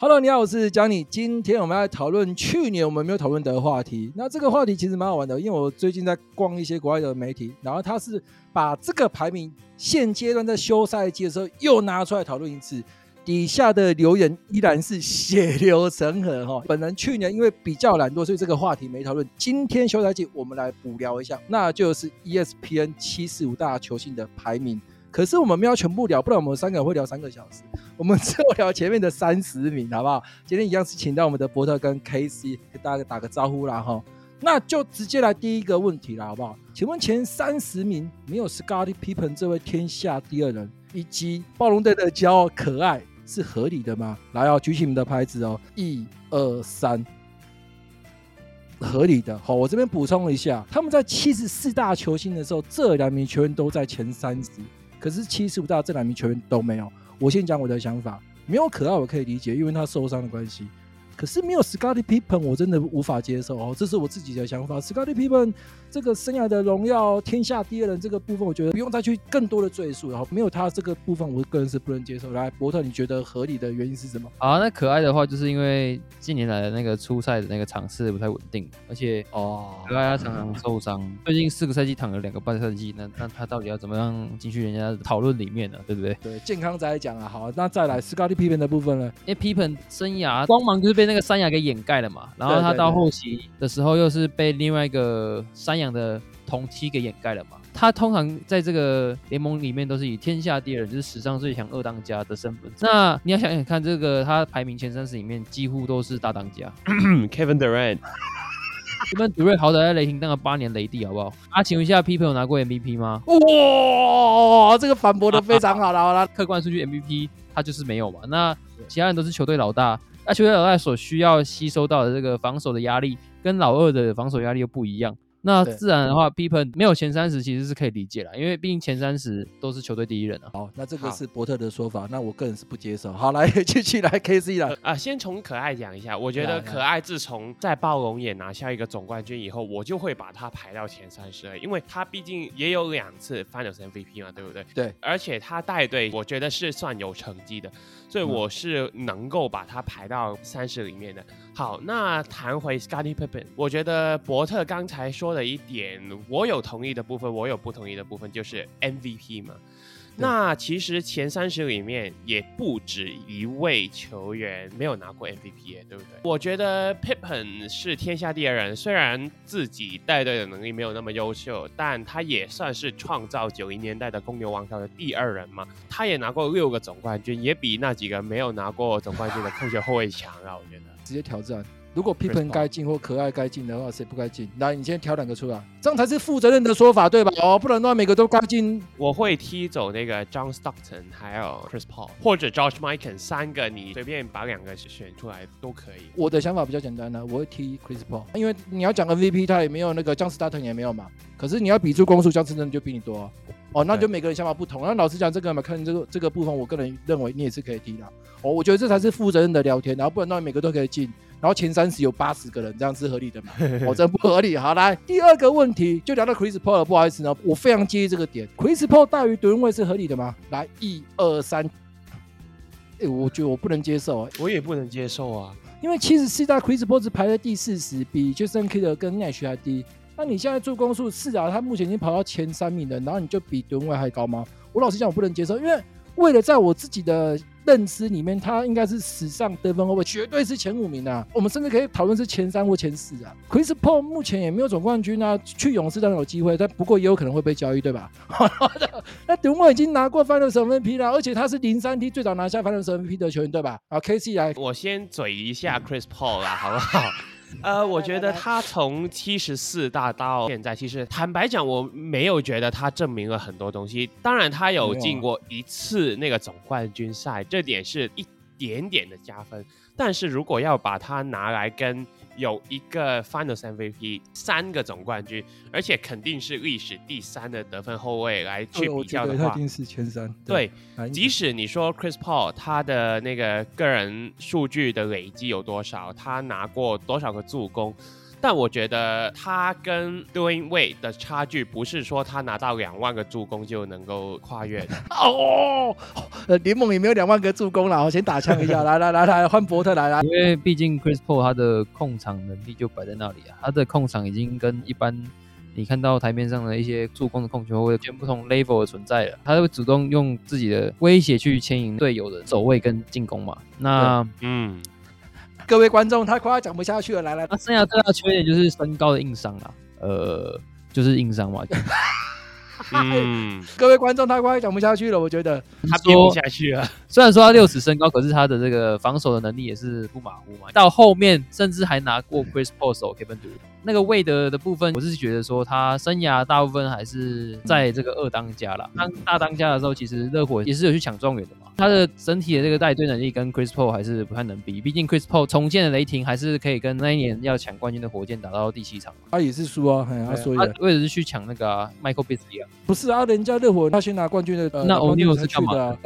哈嘍，你好，我是 Johnny。今天我們要來討論去年我們沒有討論的話題。那這個話題其實蠻好玩的，因為我最近在逛一些國外的媒體，然後他是把這個排名現階段在休賽季的時候又拿出來討論一次。底下的留言依然是血流成河哈。本人去年因為比較懶惰，所以這個話題沒討論。今天休賽季我們來補聊一下，那就是 ESPN 七十五大球星的排名。可是我們沒有全部聊，不然我們三個人會聊三個小時。我們只有聊前面的三十名，好不好？今天一樣是請到我們的伯特跟 KC 給大家打個，打個招呼啦，齁。那就直接來第一個問題啦，好不好？請問前三十名沒有 Scottie Pippen 這位天下第二人以及暴龍隊的驕傲可愛是合理的嗎？來哦、喔，舉起你們的牌子哦、喔，一二三，合理的。好，我這邊補充一下，他們在七十四大球星的時候，這兩名球員都在前三十。可是七十五大，這兩名球員都沒有。我先講我的想法，沒有可愛我可以理解，因為他受傷的關係。可是沒有 Scotty Pippen，我真的無法接受哦、喔。這是我自己的想法。Scotty Pippen 這個生涯的榮耀，天下第二人這個部分，我覺得不用再去更多的贅述了、喔。沒有他這個部分，我個人是不能接受。來，伯特，你覺得合理的原因是什麼？好啊，那可愛的話就是因為近年來的那個出賽的那個場次不太穩定，而且哦，可愛他常常受傷、嗯，最近四個賽季躺了兩個半賽季，那那他到底要怎麼樣進去人家討論裡面呢、啊？對不對？對，健康再來講啊。好啊，那再來 Scotty Pippen 的部分呢？因為 Pippen 生涯光芒就是被、那。個那個山羊給掩蓋了嘛，然後他到後期的時候又是被另外一個山羊的同期給掩蓋了嘛。他通常在這個聯盟裡面都是以天下第二，就是史上最強二當家的身份。那你要想想看，這個他排名前三十裡面幾乎都是大當家。咳咳 Kevin Durant，這邊 Durant 好歹在雷霆當了八年雷帝，好不好？啊，請問一下，Pippen 有拿過 MVP 嗎？哇，這個反駁的非常好。然後他客觀數據 MVP 他就是沒有嘛。那其他人都是球隊老大。他球的額外所需要吸收到的這個防守的壓力，跟老二的防守壓力又不一樣。那自然的話，皮蓬沒有前三十其實是可以理解了，因為畢竟前三十都是球隊第一人了、啊。好，那這個是伯特的說法，那我個人是不接受。好，來繼續來 KC 了啊、呃，先從可愛講一下，我覺得可愛自從在暴龍眼拿下一個總冠軍以後，對對對我就會把他排到前三十，因為他畢竟也有兩次 Finals MVP 嘛，對不對？對，而且他帶隊，我覺得是算有成績的，所以我是能夠把他排到三十裡面的。嗯好，那談回 Scottie Pippen，我覺得伯特剛才說的一點，我有同意的部分，我有不同意的部分，就是 MVP 嘛。那其實前三十裡面也不止一位球員沒有拿過 MVP 對不對？我覺得 Pippen 是天下第二人，雖然自己帶隊的能力沒有那麼優秀，但他也算是創造九零年代的公牛王朝的第二人嘛。他也拿過六個總冠軍，也比那幾個沒有拿過總冠軍的控球後衛強啊， 我覺得直接挑戰。如果 Pippen 該進或可愛該進的話，誰不該進？那你先挑兩個出來，這樣才是負責任的說法，對吧？哦，不能讓每個都該進。我會踢走那個 John Stockton，還有 Chris Paul，或者 Josh Myken 三個，你隨便把兩個選出來都可以。我的想法比較簡單呢、啊，我會踢 Chris Paul，因為你要講 MVP，他也沒有那個 John Stockton，也沒有嘛。可是你要比出攻速，John Stockton 就比你多。哦，哦，那就每個人想法不同。那老實講，這個嘛，看這個這個部分，我個人認為你也是可以踢的。哦，我覺得這才是負責任的聊天，然後不能讓每個都可以進。然後前三十有八十個人，這樣是合理的嗎？我、 哦、真不合理。好，來第二個問題，就聊到 Chris Paul。不好意思呢，我非常介意這個點。Chris Paul 大於 D-Wade 是合理的嗎？來，一二三，我覺得我不能接受、啊。我也不能接受啊，因為其實現在 Chris Paul 是排在第四十，比 Jason Kidd 跟 Nash 還低。那你現在助攻數是啊，他目前已經跑到前三名了，然後你就比 D-Wade 還高嗎？我老實講，我不能接受，因為為了在我自己的認知裡面，他應該是史上得分後衛，絕對是前五名啊！我們甚至可以討論是前三或前四啊！Chris Paul 目前也沒有總冠軍啊，去勇士當然有機會，但不過也有可能會被交易，對吧？ 那 D-Wade 已經拿過 FMVP 了，而且他是 03T 最早拿下 FMVP 的球員，對吧？啊，K C 來，我先嘴一下 Chris Paul 啊、嗯，好不好？ 呃，我覺得他從七十四大到現在，其實坦白講，我沒有覺得他證明了很多東西。當然，他有進過一次那個總冠軍賽，這點是一。點點的加分，但是如果要把它拿來跟有一個 Final MVP、三個總冠軍，而且肯定是歷史第三的得分後衛來去比較的話，哎、一定是前三。對，對，即使你說 Chris Paul 他的那個個人數據的累積有多少，他拿過多少個助攻，但我覺得他跟 Dwyane Wade 的差距，不是說他拿到兩萬個助攻就能夠跨越的。哦、 oh!。呃，聯盟也沒有兩萬個助攻了，我先打槍一下，來 來來來換伯特來來，因為畢竟 Chris Paul 他的控場能力就擺在那裡啊，他的控場已經跟一般你看到台面上的一些助攻的控球會有不同 level 的存在了，他會主動用自己的威脅去牽引隊友的走位跟進攻嘛，那嗯，各位觀眾他快要講不下去了，來來，那剩下最大缺點就是身高的硬傷了，呃，就是硬傷嘛。就是 還、啊嗯，各位觀眾，他快講不下去了，我覺得。他編不下去了。雖然說他六尺身高， 可是他的這個防守的能力也是不馬虎嘛。 到後面甚至還拿過 Chris Paul 手給分圖。 那個魏德的部分，我是覺得說他生涯大部分還是在這個二當家啦。他大當家的時候，其實熱火也是有去搶狀元的嘛。他的整體的這個帶隊能力跟 Chris Paul 還是不太能比，畢竟 Chris Paul 重建的雷霆還是可以跟那一年要搶冠軍的火箭打到第七場。他、啊嗯嗯。他也是輸啊，很、嗯、衰、嗯嗯、他為了是去搶那個、啊、Michael Beasley 啊？不是啊，人家熱火他先拿冠軍的，呃、那 O'Neal 是幹嘛的、啊？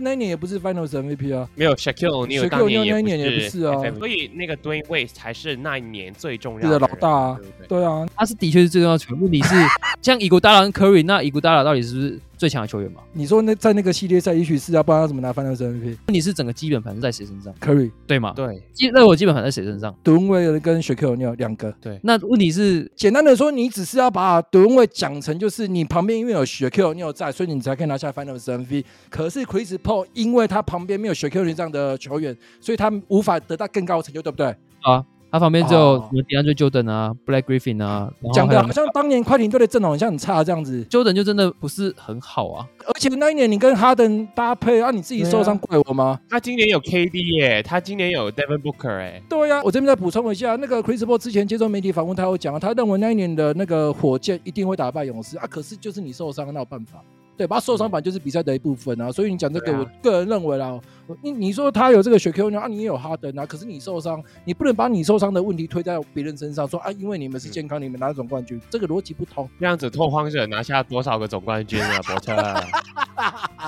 那一年也不是 Finals MVP,、啊啊、final MVP 啊，沒有 Shaquille O'Neal 當年也, FM2 年也不是啊，所以那個 Dwyane Wade 才是那一年最重要的，是的老大、啊。啊，對啊，他是的確是最重要的問題是， 像伊古達拉跟 Curry，那伊古達拉到底是不是最強的球員嘛？你說那在那個系列賽，也許是要幫他怎麼拿 Final MVP？問題是整個基本盤在誰身上？Curry 對嗎？對，基那我基本盤在誰身上 Dwyane Wade 跟 Shaq O'Neal 兩個，對。那問題是簡單的說，你只是要把 Dwyane Wade 講成就是你旁邊因為有 Shaq O'Neal 有在，所以你才可以拿下 Final MVP 可是 Chris Paul 因為他旁邊沒有 Shaq 這樣的球員，所以他無法得到更高的成就，對不對？啊。他旁邊只有、oh. 什麼 DeAndre Jordan 啊，Blake Griffin 啊，講的好像當年快艇隊的陣容好像很差這樣子。Jordan 就真的不是很好啊，而且那一年你跟哈登搭配，啊你自己受傷，怪我嗎、啊？他今年有 KD 耶、欸，他今年有 Devin Booker 哎、欸。對呀、啊，我這邊再補充一下，那個 Chris Paul 之前接受媒體訪問，他有講啊，他認為那一年的那個火箭一定會打敗勇士啊，可是就是你受傷，那有辦法。對吧，巴受傷版就是比賽的一部分啊，嗯、所以你講這個，我個人認為啦，啊、你你說他有這個血 Q 啊，你也有哈登啊，可是你受傷，你不能把你受傷的問題推在別人身上，說啊，因為你們是健康，嗯、你們拿總冠軍，這個邏輯不通。這樣子拓荒者拿下多少個總冠軍啊，伯 特錯、啊？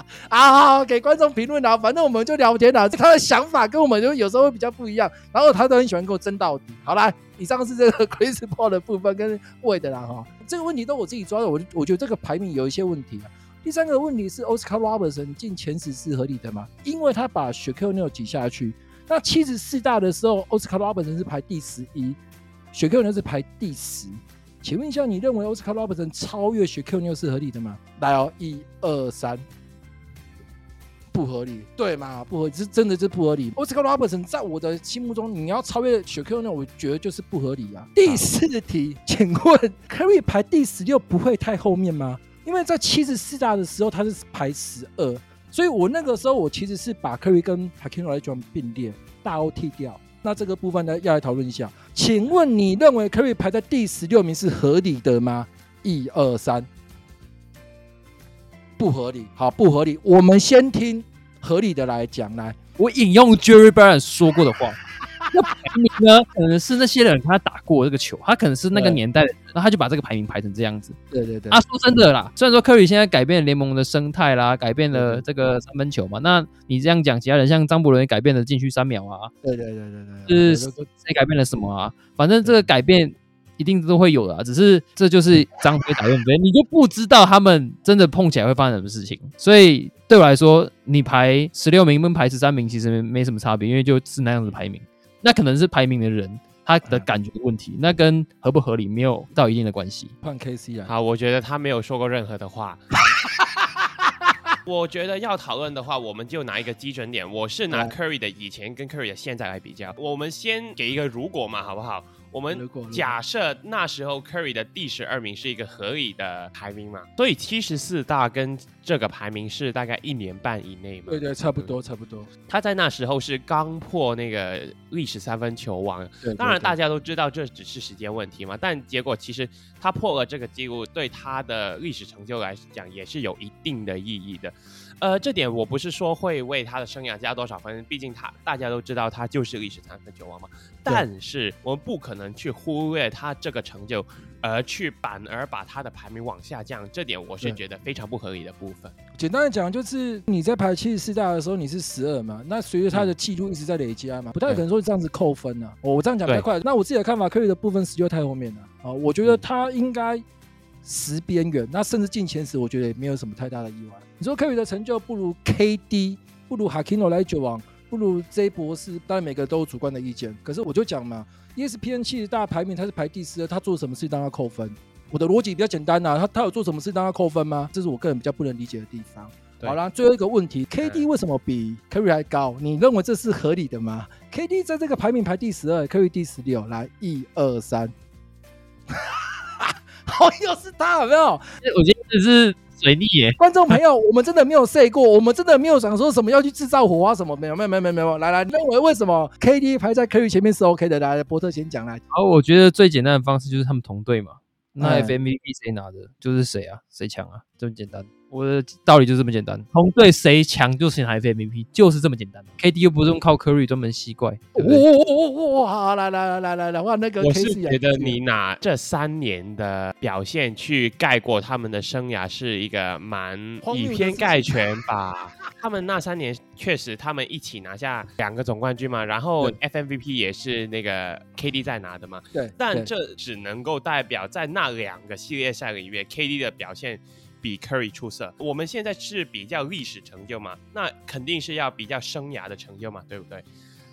啊好好，給觀眾評論了，反正我們就聊天了，他的想法跟我們就有時候會比較不一樣，然後他都很喜歡跟我爭到底。好了，以上是這個 Chris Paul 的部分跟 Wade 的啦，哈、嗯，這個問題都我自己抓的，我我覺得這個排名有一些問題啊。第三個問題是奧斯卡羅伯森進前十是合理的嗎？因為他把 Shaq O'Neal 擠下去。那七十四大的時候，奧斯卡羅伯森是排第十一，Shaq O'Neal 是排第十。請問一下，你認為奧斯卡羅伯森超越 Shaq O'Neal 是合理的嗎？來哦，一二三，不合理，對嘛？不合理這真的是不合理。奧斯卡羅伯森在我的心目中，你要超越 Shaq O'Neal，我覺得就是不合理啊。啊第四題，請問 Curry 排第十六不會太後面嗎？因為在七十四大的時候，他是排十二，所以我那個時候我其實是把 Curry 跟 Hakeem Olajuwon 並列，大 O 踢掉。那這個部分呢，要來討論一下。請問你認為 Curry 排在第十六名是合理的嗎？一二三，不合理。好，不合理。我們先聽合理的來講。來，我引用 Jerry Burns 說過的話。那個排名呢，可能是那些人他打過這個球，他可能是那個年代的人，然後他就把這個排名排成這樣子。對對對。啊，說真的啦，雖然說庫裡現在改變聯盟的生態啦，改變了這個三分球嘛，那你這樣講，其他人像張伯倫也改變了禁區三秒啊。對對對對對。就是對對對對對改變了什麼啊？反正這個改變一定都會有的啊，只是這就是張飛打岳飛， 你就不知道他們真的碰起來會發生什麼事情。所以對我來說，你排十六名跟排十三名其實沒什麼差別，因為就是那樣子排名。那可能是排名的人他的感覺的問題，那跟合不合理沒有到一定的關係。換 KC 了啊。好，我覺得他沒有說過任何的話。 我覺得要討論的話，我們就拿一個基準點，我是拿 Curry 的以前跟 Curry 的現在來比較。我們先給一個如果嘛，好不好？我們假設那時候 Curry 的第十二名是一個合理的排名嘛？所以七十四大跟這個排名是大概一年半以內嘛？對對，差不多差不多。他在那時候是剛破那個歷史三分球王，對對對，當然大家都知道這只是時間問題嘛。但結果其實他破了這個記錄，對他的歷史成就來講也是有一定的意義的。呃，這點我不是說會為他的生涯加多少分，畢竟他大家都知道他就是歷史三分球王嘛。但是我們不可能去忽略他這個成就，而去反而把他的排名往下降，這點我是覺得非常不合理的部分。簡單的講，就是你在排七十四大的時候你是十二嘛，那隨着他的紀錄一直在累積嘛，嗯、不太可能說這樣子扣分啊。我、嗯哦、我這樣講太快那我自己的看法，庫裡的部分實在太後面了啊、哦，我覺得他應該、嗯。十邊緣那甚至進前十，我覺得也沒有什麼太大的意外。你說 Curry 的成就不如 KD，不如 Hakino 來球王，不如 J 博士，當然每個都有主觀的意見。可是我就講嘛，ESPN 七十大排名，他是排第十二，他做什麼事讓他扣分？我的邏輯比較簡單啊，他他有做什麼事讓他扣分嗎？這是我個人比較不能理解的地方。好啦，最後一個問題，KD 為什麼比 Curry 還高？你認為這是合理的嗎？KD 在這個排名排第十二，Curry 第十六。來，一二三。哦， 又是他，有沒有？我覺得這是水逆耶。觀眾朋友 我，我們真的沒有 say 過，我們真的沒有想說什麼要去製造火花什麼，沒有，沒有，沒有，沒有，沒有。來來，你認為為什麼 KD 排在 Curry 前面是 OK 的？來，伯特先講來。好，我覺得最簡單的方式就是他們同隊嘛、嗯。那 FMVP 誰拿的，就是誰啊？誰搶啊？這麼簡單。我的道理就這麼簡單，從對誰強就是 FMVP，就是這麼簡單。KD 又不用靠 Curry 專門吸怪對對哦哦哦哦，哇！來來來來來的那個、啊、我是覺得你拿這三年的表現去概括他們的生涯，是一個蠻以偏概全吧？ 他們那三年確實，他們一起拿下兩個總冠軍嘛，然後 FMVP 也是那個 KD 在拿的嘛。對，但這只能夠代表在那兩個系列賽裡面，KD 的表現。比 Curry 出色，我們現在是比較歷史成就嘛，那肯定是要比較生涯的成就嘛，對不對？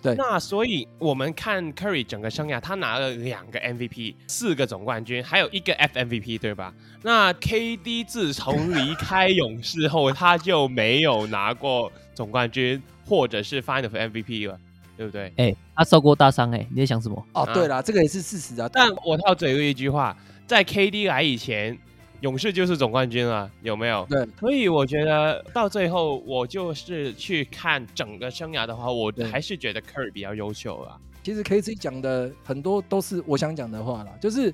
對。那所以我們看 Curry 整個生涯，他拿了兩個 MVP，四個總冠軍，還有一個 FMVP，對吧？那 KD 自從離開勇士後， 他就沒有拿過總冠軍或者是 Final MVP 了，對不對？誒、欸，他受過大傷、欸，誒，你在想什麼？啊、哦，對啦，這個也是事實的、啊。但我要嘴用一句話，在 KD 來以前。勇士就是總冠軍了，有沒有？對，所以我覺得到最後，我就是去看整個生涯的話，我還是覺得 Curry 比較優秀啊。其實 KC 講的很多都是我想講的話啦，嗯、就是。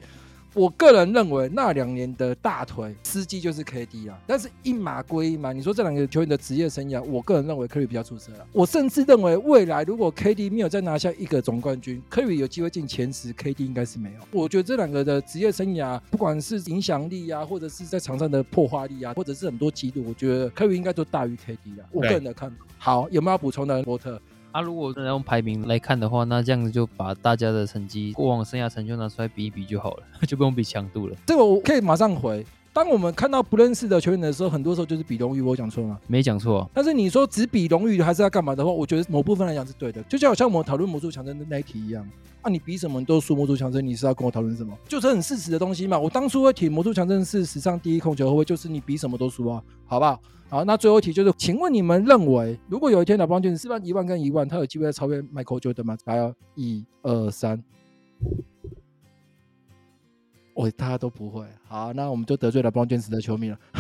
我個人認為那兩年的大腿司機就是 KD 啊，但是一碼歸一碼。你說這兩個球員的職業生涯，我個人認為庫里比較出色了。我甚至認為未來如果 KD 沒有再拿下一個總冠軍，庫里有機會進前十，KD 應該是沒有。我覺得這兩個的職業生涯，不管是影響力啊，或者是在場上的破壞力啊，或者是很多記錄，我覺得庫里應該都大於 KD 的。我個人的看法，好，有沒有補充的，伯特？那、啊、如果用排名來看的話，那這樣子就把大家的成績、過往生涯成就拿出來比一比就好了，就不用比強度了。這個我可以馬上回。當我們看到不認識的球員的時候，很多時候就是比榮譽。我講錯了，沒講錯。但是你說只比榮譽還是要幹嘛的話，我覺得某部分來講是對的。就像好像我們討論魔術強森的那一題一樣，啊，你比什麼都輸魔術強森，你是要跟我討論什麼？就是很事實的東西嘛。我當初會提魔術強森是史上第一控球後衛，會會就是你比什麼都輸啊，好不好？好，那最後一題就是，請問你們認為，如果有一天老邦就是四一萬跟一萬，他有機會在超越 Michael Jordan 嗎？一二三。1, 2, 我、哦、大家都不會。好，那我們就得罪了 Bron James 的球迷了。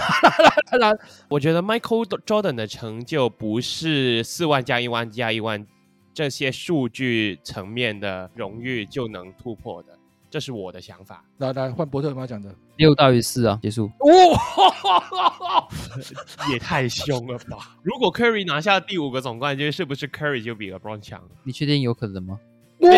來來來，我覺得 Michael Jordan 的成就不是四萬加一萬加一萬這些數據層面的榮譽就能突破的，這是我的想法。來來，換伯特跟他講的？六大於四啊，結束。哇、哦， 也太凶了吧！ 如果 Curry 拿下第五個總冠軍，就是不是 Curry 就比了 Bron 強？你確定有可能嗎？哇！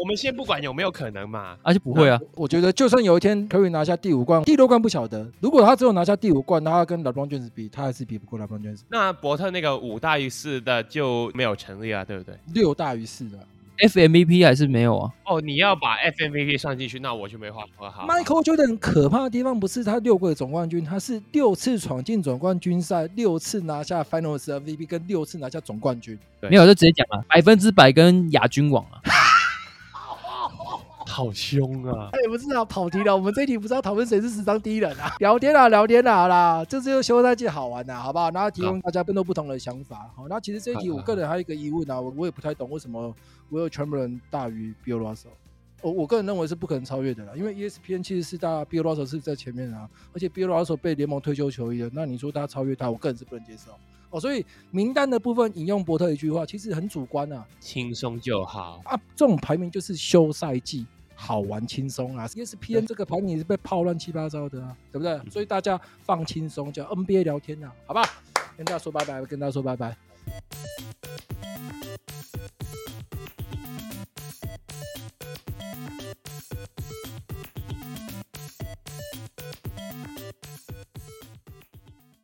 我們先不管有沒有可能嘛，而、啊、且不會啊。我覺得就算有一天可以拿下第五冠、第六冠不曉得，如果他只有拿下第五冠，那他跟 LeBron James 比，他還是比不過 LeBron James。那伯特那個五大於四的就沒有成立啊，對不對？六大於四的。FMVP 還是沒有啊？哦，oh，你要把 FMVP 算進去，那我就沒話說哈。Michael Jordan 很可怕的地方不是他六個總冠軍，他是六次闖進總冠軍賽，六次拿下 Finals MVP 跟六次拿下總冠軍。沒有就直接講了，百分之百跟亞軍王啊。好兇啊！哎、欸，不是啊，跑題了。我們這一題不知道討論誰是史上第一人啊？ 聊天啊，聊天啊啦，好、就、這是又休賽季好玩啊好不好？那提供大家更多不同的想法。好、啊哦，那其實這一題我個人還有一個疑問啊，我、啊、我也不太懂為什麼我有全部人大於 Bill Russell 我我個人認為是不可能超越的啦，因為 ESPN 其實是大家 Bill Russell 是在前面啊，而且 Bill Russell 被聯盟退休球衣的，那你說他超越他，我個人是不能接受。哦，所以名單的部分引用伯特一句話，其實很主觀啊。輕鬆就好啊，這種排名就是休賽季。好玩輕鬆啊！ESPN 這個盤你是被泡亂七八糟的啊，對不對？所以大家放輕鬆，叫 NBA 聊天啊，好吧， 跟大家說拜拜，跟大家說拜拜。